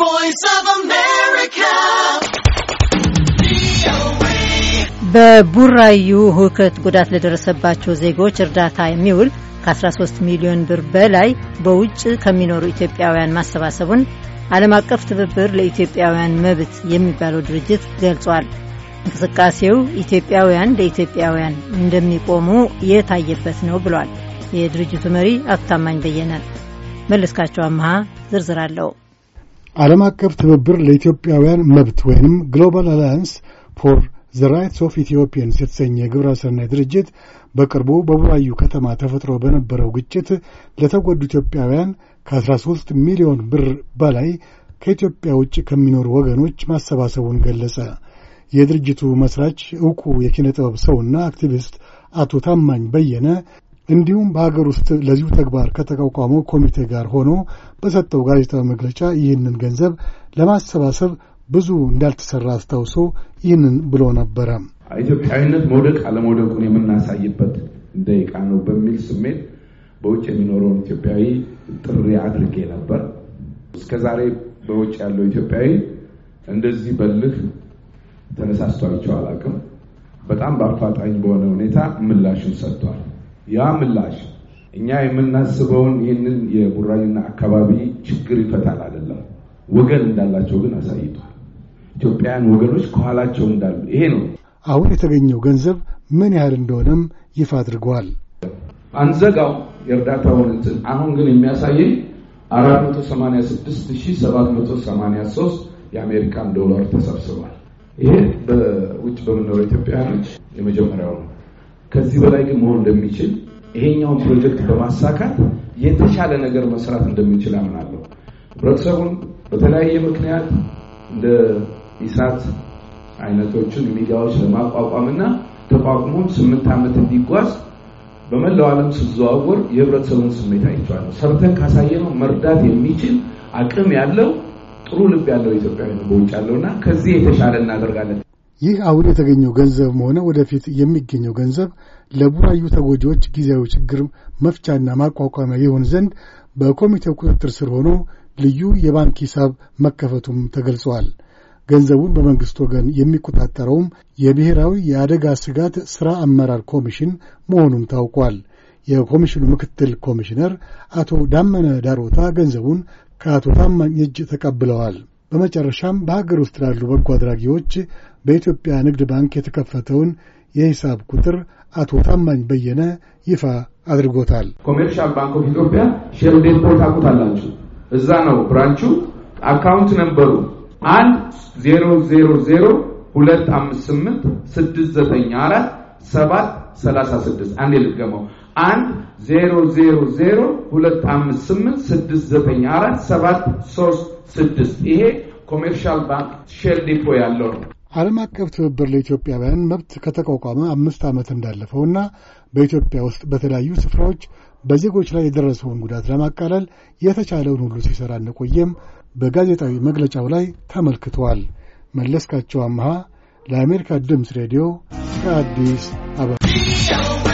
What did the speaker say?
voice of America. በቡራዩ ሁከት ጉዳት ለደረሰባቸው ዜጎች እርዳታ የሚውል ከ13 ሚሊዮን ብር በላይ በውጭ ከሚኖሩ ኢትዮጵያውያን ማሰባሰቡን ዓለም አቀፍ ትብብር ለኢትዮጵያውያን መብት የሚባለው ድርጅት ገልጿል። እንቅስቃሴው ኢትዮጵያውያን ለኢትዮጵያውያን እንደሚቆሙ የታየበት ነው ብሏል። የድርጅቱ መሪ አቶ ታማኝ በየነ መለስካቸው አመሃ ዝርዝር አለው። ዓለም አቀፍ ትብብር ለኢትዮጵያውያን መብት ወይንም ግሎባል አላያንስ ፎር ዘ ራይትስ ኦፍ ኢትዮጵያንስ የተሰኘ የግብረ ሰናይ ድርጅት በቅርቡ በቡራዩ ከተማ ተፈጥሮ በነበረው ግጭት ለተጎዱ ኢትዮጵያውያን ከ13 ሚሊዮን ብር በላይ ከኢትዮጵያ ውጭ ከሚኖሩ ወገኖች ማሰባሰቡን ገለጸ። የድርጅቱ መስራች ዕውቁ የኪነ ጥበብ ሰውና አክቲቪስት አቶ ታማኝ በየነ እንዲሁም በሀገር ውስጥ ለዚሁ ተግባር ከተቋቋመው ኮሚቴ ጋር ሆኖ በሰጠው ጋዜጣዊ መግለጫ ይህንን ገንዘብ ለማሰባሰብ ብዙ እንዳልተሰራ አስታውሶ ይህንን ብሎ ነበረ። ኢትዮጵያዊነት መውደቅ አለመውደቁን የምናሳይበት ደቂቃ ነው በሚል ስሜት በውጭ የሚኖረውን ኢትዮጵያዊ ጥሪ አድርጌ ነበር። እስከዛሬ በውጭ ያለው ኢትዮጵያዊ እንደዚህ በልህ ተነሳስቷቸው አላውቅም። በጣም በአፋጣኝ በሆነ ሁኔታ ምላሽን ሰጥቷል። ያ ምላሽ እኛ የምናስበውን ይህንን የቡራዩና አካባቢ ችግር ይፈታል አይደለም፣ ወገን እንዳላቸው ግን አሳይቷል። ኢትዮጵያውያን ወገኖች ከኋላቸው እንዳሉ ይሄ ነው። አሁን የተገኘው ገንዘብ ምን ያህል እንደሆነም ይፋ አድርገዋል። አንዘጋው የእርዳታውን እንትን አሁን ግን የሚያሳየኝ 486783 የአሜሪካን ዶላር ተሰብስቧል። ይሄ በውጭ በምኖረው ኢትዮጵያውያኖች የመጀመሪያው ነው። ከዚህ በላይ ግን መሆን እንደሚችል ይሄኛውን ፕሮጀክት በማሳካት የተሻለ ነገር መስራት እንደሚችል አምናለሁ። ህብረተሰቡን በተለያየ ምክንያት እንደ ኢሳት አይነቶችን ሚዲያዎች ለማቋቋምና ተቋቁሞ ስምንት ዓመት እንዲጓዝ በመላው ዓለም ስዘዋወር የህብረተሰቡን ስሜት አይቼዋለሁ። ሰርተን ካሳየነው መርዳት የሚችል አቅም ያለው ጥሩ ልብ ያለው ኢትዮጵያዊ ነው በውጭ ያለውና ከዚህ የተሻለ እናደርጋለን። ይህ አሁን የተገኘው ገንዘብም ሆነ ወደፊት የሚገኘው ገንዘብ ለቡራዩ ተጎጂዎች ጊዜያዊ ችግር መፍቻና ማቋቋሚያ ይሆን ዘንድ በኮሚቴው ቁጥጥር ስር ሆኖ ልዩ የባንክ ሂሳብ መከፈቱም ተገልጿል። ገንዘቡን በመንግሥት ወገን የሚቆጣጠረውም የብሔራዊ የአደጋ ስጋት ሥራ አመራር ኮሚሽን መሆኑም ታውቋል። የኮሚሽኑ ምክትል ኮሚሽነር አቶ ዳመነ ዳሮታ ገንዘቡን ከአቶ ታማኝ እጅ ተቀብለዋል። በመጨረሻም በሀገር ውስጥ ላሉ በጎ አድራጊዎች በኢትዮጵያ ንግድ ባንክ የተከፈተውን የሂሳብ ቁጥር አቶ ታማኝ በየነ ይፋ አድርጎታል። ኮሜርሻል ባንክ ኦፍ ኢትዮጵያ ሼር ዴፖ ታቁታላችሁ። እዛ ነው ብራንቹ። አካውንት ነበሩ አንድ ዜሮ ዜሮ ዜሮ ሁለት አምስት ስምንት ስድስት ዘጠኝ አራት ሰባት ሰላሳ ስድስት አንድ ልገመው አንድ ዜሮ ዜሮ ዜሮ ሁለት አምስት ስምንት ስድስት ዘጠኝ አራት ሰባት ሶስት ስድስት ይሄ ኮሜርሻል ባንክ ሼል ዲፖ ያለው ነው። ዓለም አቀፍ ትብብር ለኢትዮጵያውያን መብት ከተቋቋመ አምስት ዓመት እንዳለፈው እና በኢትዮጵያ ውስጥ በተለያዩ ስፍራዎች በዜጎች ላይ የደረሰውን ጉዳት ለማቃለል የተቻለውን ሁሉ ሲሰራ እንደቆየም በጋዜጣዊ መግለጫው ላይ ተመልክቷል። መለስካቸው አምሃ ለአሜሪካ ድምፅ ሬዲዮ ከአዲስ አበባ